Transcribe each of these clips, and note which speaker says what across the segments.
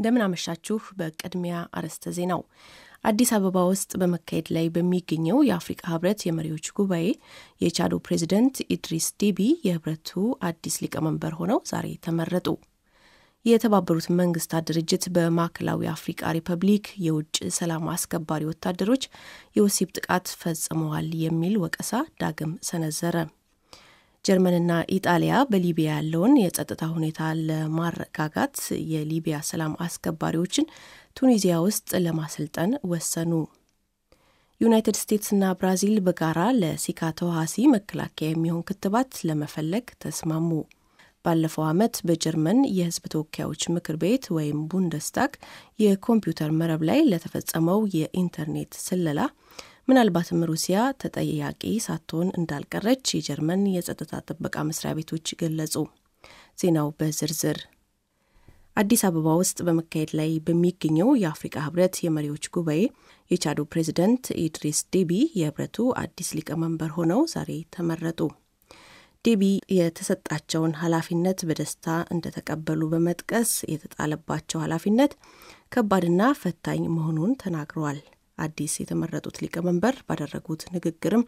Speaker 1: እንደምናመሻችሁ በቅድሚያ አርዕስተ ዜናው አዲስ አበባ ውስጥ በመካሄድ ላይ በሚገኘው የአፍሪካ ህብረት የመሪዎች ጉባኤ የቻዱ ፕሬዚደንት ኢድሪስ ዴቢ የህብረቱ አዲስ ሊቀመንበር ሆነው ዛሬ ተመረጡ። የተባበሩት መንግስታት ድርጅት በማዕከላዊ አፍሪካ ሪፐብሊክ የውጭ ሰላም አስከባሪ ወታደሮች የወሲብ ጥቃት ፈጽመዋል የሚል ወቀሳ ዳግም ሰነዘረ። ጀርመንና ኢጣሊያ በሊቢያ ያለውን የጸጥታ ሁኔታ ለማረጋጋት የሊቢያ ሰላም አስከባሪዎችን ቱኒዚያ ውስጥ ለማሰልጠን ወሰኑ። ዩናይትድ ስቴትስና ብራዚል በጋራ ለሲካ ተዋሲ መከላከያ የሚሆን ክትባት ለመፈለግ ተስማሙ። ባለፈው ዓመት በጀርመን የሕዝብ ተወካዮች ምክር ቤት ወይም ቡንደስታግ የኮምፒውተር መረብ ላይ ለተፈጸመው የኢንተርኔት ስለላ ምናልባትም ሩሲያ ተጠያቂ ሳትሆን እንዳልቀረች የጀርመን የጸጥታ ጥበቃ መስሪያ ቤቶች ገለጹ። ዜናው በዝርዝር አዲስ አበባ ውስጥ በመካሄድ ላይ በሚገኘው የአፍሪካ ህብረት የመሪዎች ጉባኤ የቻዱ ፕሬዚደንት ኢድሪስ ዴቢ የህብረቱ አዲስ ሊቀመንበር ሆነው ዛሬ ተመረጡ። ዴቢ የተሰጣቸውን ኃላፊነት በደስታ እንደተቀበሉ በመጥቀስ የተጣለባቸው ኃላፊነት ከባድና ፈታኝ መሆኑን ተናግረዋል። አዲስ የተመረጡት ሊቀመንበር ባደረጉት ንግግርም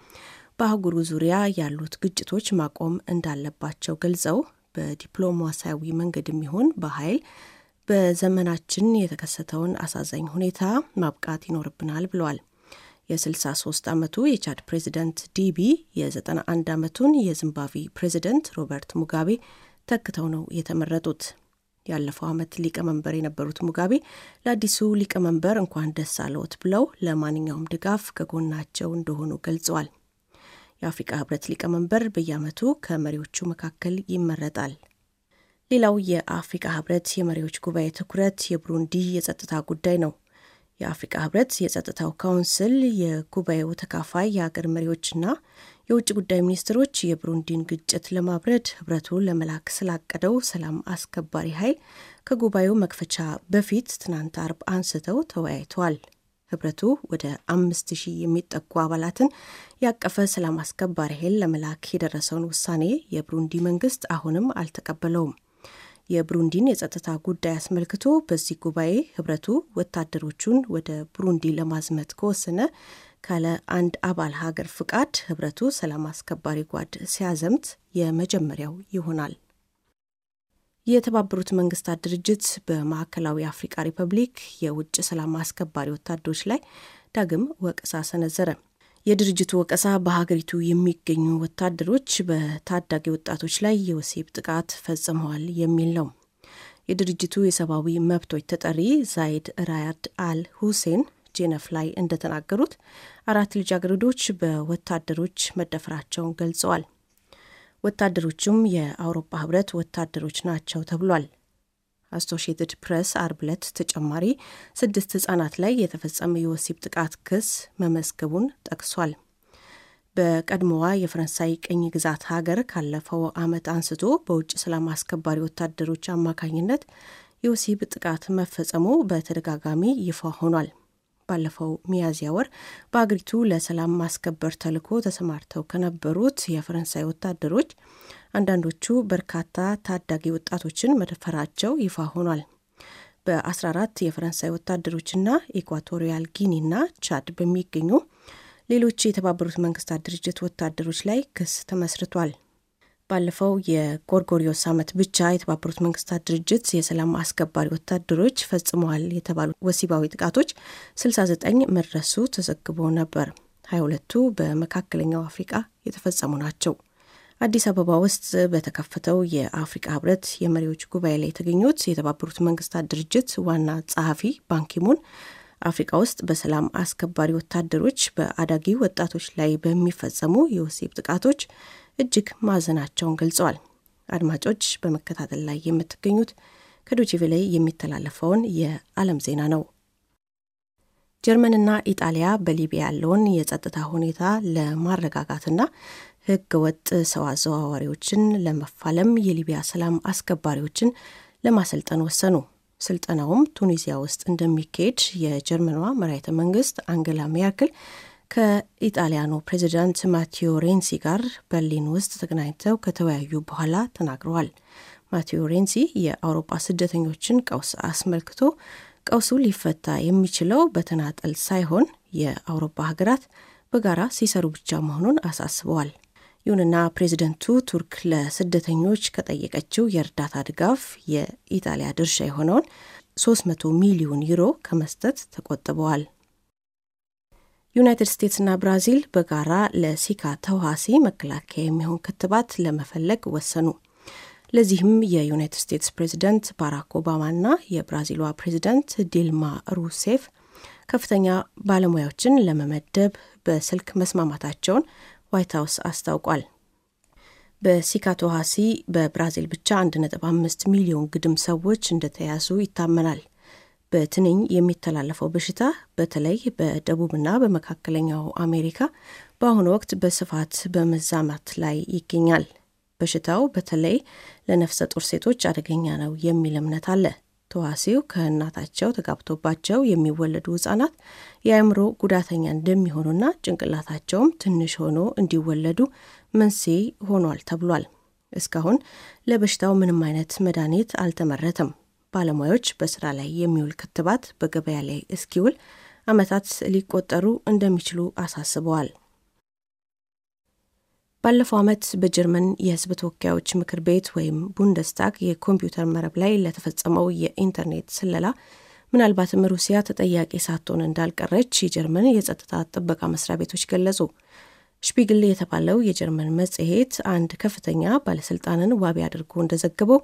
Speaker 1: በአህጉሩ ዙሪያ ያሉት ግጭቶች ማቆም እንዳለባቸው ገልጸው በዲፕሎማሲያዊ መንገድ የሚሆን በኃይል በዘመናችን የተከሰተውን አሳዛኝ ሁኔታ ማብቃት ይኖርብናል ብለዋል። የ63 ዓመቱ የቻድ ፕሬዚደንት ዲቢ የ91 ዓመቱን የዚምባብዌ ፕሬዚደንት ሮበርት ሙጋቤ ተክተው ነው የተመረጡት። ያለፈው ዓመት ሊቀመንበር የነበሩት ሙጋቤ ለአዲሱ ሊቀመንበር እንኳን ደስ አለዎት ብለው ለማንኛውም ድጋፍ ከጎናቸው እንደሆኑ ገልጸዋል። የአፍሪካ ህብረት ሊቀመንበር በየዓመቱ ከመሪዎቹ መካከል ይመረጣል። ሌላው የአፍሪካ ህብረት የመሪዎች ጉባኤ ትኩረት የብሩንዲ የጸጥታ ጉዳይ ነው። የአፍሪቃ ህብረት የጸጥታው ካውንስል የጉባኤው ተካፋይ የአገር መሪዎችና የውጭ ጉዳይ ሚኒስትሮች የብሩንዲን ግጭት ለማብረድ ህብረቱ ለመላክ ስላቀደው ሰላም አስከባሪ ኃይል ከጉባኤው መክፈቻ በፊት ትናንት አርብ አንስተው ተወያይተዋል። ህብረቱ ወደ አምስት ሺህ የሚጠጉ አባላትን ያቀፈ ሰላም አስከባሪ ኃይል ለመላክ የደረሰውን ውሳኔ የብሩንዲ መንግስት አሁንም አልተቀበለውም። የብሩንዲን የጸጥታ ጉዳይ አስመልክቶ በዚህ ጉባኤ ህብረቱ ወታደሮቹን ወደ ብሩንዲ ለማዝመት ከወሰነ ካለ አንድ አባል ሀገር ፍቃድ ህብረቱ ሰላም አስከባሪ ጓድ ሲያዘምት የመጀመሪያው ይሆናል። የተባበሩት መንግስታት ድርጅት በማዕከላዊ አፍሪካ ሪፐብሊክ የውጭ ሰላም አስከባሪ ወታደሮች ላይ ዳግም ወቀሳ ሰነዘረ። የድርጅቱ ወቀሳ በሀገሪቱ የሚገኙ ወታደሮች በታዳጊ ወጣቶች ላይ የወሲብ ጥቃት ፈጽመዋል የሚል ነው። የድርጅቱ የሰብአዊ መብቶች ተጠሪ ዛይድ ራያድ አል ሁሴን ጄነፍ ላይ እንደተናገሩት አራት ልጃገረዶች በወታደሮች መደፈራቸውን ገልጸዋል። ወታደሮቹም የአውሮፓ ህብረት ወታደሮች ናቸው ተብሏል። አሶሽትድ ፕሬስ አርብ ዕለት ተጨማሪ ስድስት ህጻናት ላይ የተፈጸመ የወሲብ ጥቃት ክስ መመዝገቡን ጠቅሷል። በቀድሞዋ የፈረንሳይ ቅኝ ግዛት ሀገር ካለፈው ዓመት አንስቶ በውጭ ሰላም አስከባሪ ወታደሮች አማካኝነት የወሲብ ጥቃት መፈጸሙ በተደጋጋሚ ይፋ ሆኗል። ባለፈው ሚያዝያ ወር በአገሪቱ ለሰላም ማስከበር ተልዕኮ ተሰማርተው ከነበሩት የፈረንሳይ ወታደሮች አንዳንዶቹ በርካታ ታዳጊ ወጣቶችን መደፈራቸው ይፋ ሆኗል። በ14 የፈረንሳይ ወታደሮችና ኢኳቶሪያል ጊኒና ቻድ በሚገኙ ሌሎች የተባበሩት መንግስታት ድርጅት ወታደሮች ላይ ክስ ተመስርቷል። ባለፈው የጎርጎሪዮስ ዓመት ብቻ የተባበሩት መንግስታት ድርጅት የሰላም አስከባሪ ወታደሮች ፈጽመዋል የተባሉ ወሲባዊ ጥቃቶች 69 መድረሱ ተዘግቦ ነበር። 22ቱ በመካከለኛው አፍሪቃ የተፈጸሙ ናቸው። አዲስ አበባ ውስጥ በተከፈተው የአፍሪካ ህብረት የመሪዎች ጉባኤ ላይ የተገኙት የተባበሩት መንግስታት ድርጅት ዋና ጸሐፊ ባንኪሙን አፍሪካ ውስጥ በሰላም አስከባሪ ወታደሮች በአዳጊ ወጣቶች ላይ በሚፈጸሙ የወሲብ ጥቃቶች እጅግ ማዘናቸውን ገልጸዋል። አድማጮች በመከታተል ላይ የምትገኙት ከዶችቬ ላይ የሚተላለፈውን የዓለም ዜና ነው። ጀርመንና ኢጣሊያ በሊቢያ ያለውን የጸጥታ ሁኔታ ለማረጋጋትና ሕገ ወጥ ሰው አዘዋዋሪዎችን ለመፋለም የሊቢያ ሰላም አስከባሪዎችን ለማሰልጠን ወሰኑ። ስልጠናውም ቱኒዚያ ውስጥ እንደሚካሄድ የጀርመኗ መራይተ መንግስት አንገላ ሜርክል ከኢጣሊያኑ ፕሬዚዳንት ማቴዎ ሬንሲ ጋር በርሊን ውስጥ ተገናኝተው ከተወያዩ በኋላ ተናግረዋል። ማቴዎ ሬንሲ የአውሮፓ ስደተኞችን ቀውስ አስመልክቶ ቀውሱ ሊፈታ የሚችለው በተናጠል ሳይሆን የአውሮፓ ሀገራት በጋራ ሲሰሩ ብቻ መሆኑን አሳስበዋል። ይሁንና ፕሬዚደንቱ ቱርክ ለስደተኞች ከጠየቀችው የእርዳታ ድጋፍ የኢጣሊያ ድርሻ የሆነውን 300 ሚሊዮን ዩሮ ከመስጠት ተቆጥበዋል። ዩናይትድ ስቴትስና ብራዚል በጋራ ለሲካ ተዋሲ መከላከያ የሚሆን ክትባት ለመፈለግ ወሰኑ። ለዚህም የዩናይትድ ስቴትስ ፕሬዚደንት ባራክ ኦባማና የብራዚሏ ፕሬዚደንት ዲልማ ሩሴፍ ከፍተኛ ባለሙያዎችን ለመመደብ በስልክ መስማማታቸውን ዋይት ሀውስ አስታውቋል። ሀሲ በብራዚል ብቻ 1.5 ሚሊዮን ግድም ሰዎች እንደተያዙ ይታመናል። በትንኝ የሚተላለፈው በሽታ በተለይ በደቡብና በመካከለኛው አሜሪካ በአሁኑ ወቅት በስፋት በመዛማት ላይ ይገኛል። በሽታው በተለይ ለነፍሰ ጡር ሴቶች አደገኛ ነው የሚል እምነት አለ። ተዋሲው ከእናታቸው ተጋብቶባቸው የሚወለዱ ህጻናት የአእምሮ ጉዳተኛ እንደሚሆኑና ጭንቅላታቸውም ትንሽ ሆኖ እንዲወለዱ መንስኤ ሆኗል ተብሏል። እስካሁን ለበሽታው ምንም አይነት መድኃኒት አልተመረተም። ባለሙያዎች በስራ ላይ የሚውል ክትባት በገበያ ላይ እስኪውል ዓመታት ሊቆጠሩ እንደሚችሉ አሳስበዋል። ባለፈው ዓመት በጀርመን የሕዝብ ተወካዮች ምክር ቤት ወይም ቡንደስታግ የኮምፒውተር መረብ ላይ ለተፈጸመው የኢንተርኔት ስለላ ምናልባትም ሩሲያ ተጠያቂ ሳትሆን እንዳልቀረች የጀርመን የጸጥታ ጥበቃ መስሪያ ቤቶች ገለጹ። ሽፒግል የተባለው የጀርመን መጽሔት አንድ ከፍተኛ ባለስልጣንን ዋቢ አድርጎ እንደዘገበው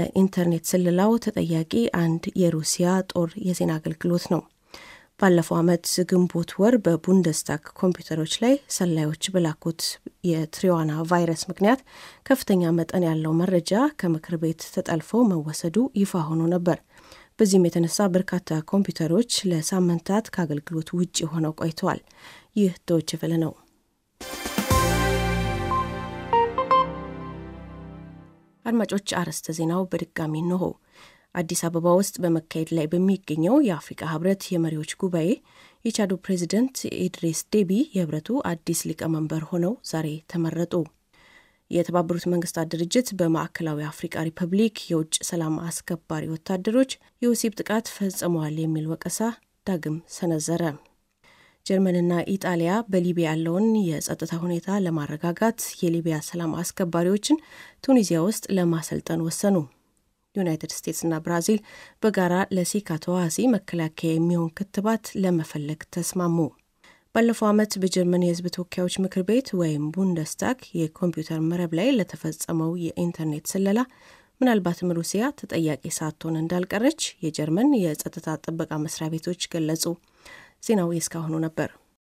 Speaker 1: ለኢንተርኔት ስለላው ተጠያቂ አንድ የሩሲያ ጦር የዜና አገልግሎት ነው። ባለፈው ዓመት ግንቦት ወር በቡንደስታክ ኮምፒውተሮች ላይ ሰላዮች በላኩት የትሪዋና ቫይረስ ምክንያት ከፍተኛ መጠን ያለው መረጃ ከምክር ቤት ተጠልፎ መወሰዱ ይፋ ሆኖ ነበር። በዚህም የተነሳ በርካታ ኮምፒውተሮች ለሳምንታት ከአገልግሎት ውጭ ሆነው ቆይተዋል። ይህ ዶይቼ ቬለ ነው። አድማጮች፣ አርዕስተ ዜናው በድጋሚ እንሆ አዲስ አበባ ውስጥ በመካሄድ ላይ በሚገኘው የአፍሪካ ህብረት የመሪዎች ጉባኤ የቻዱ ፕሬዚደንት ኢድሪስ ዴቢ የህብረቱ አዲስ ሊቀመንበር ሆነው ዛሬ ተመረጡ። የተባበሩት መንግስታት ድርጅት በማዕከላዊ አፍሪካ ሪፐብሊክ የውጭ ሰላም አስከባሪ ወታደሮች የወሲብ ጥቃት ፈጽመዋል የሚል ወቀሳ ዳግም ሰነዘረ። ጀርመንና ኢጣሊያ በሊቢያ ያለውን የጸጥታ ሁኔታ ለማረጋጋት የሊቢያ ሰላም አስከባሪዎችን ቱኒዚያ ውስጥ ለማሰልጠን ወሰኑ። ዩናይትድ ስቴትስና ብራዚል በጋራ ለሲካ ተዋሲ መከላከያ የሚሆን ክትባት ለመፈለግ ተስማሙ። ባለፈው ዓመት በጀርመን የሕዝብ ተወካዮች ምክር ቤት ወይም ቡንደስታክ የኮምፒውተር መረብ ላይ ለተፈጸመው የኢንተርኔት ስለላ ምናልባትም ሩሲያ ተጠያቂ ሳትሆን እንዳልቀረች የጀርመን የጸጥታ ጥበቃ መስሪያ ቤቶች ገለጹ። ዜናው የእስካሁኑ ነበር።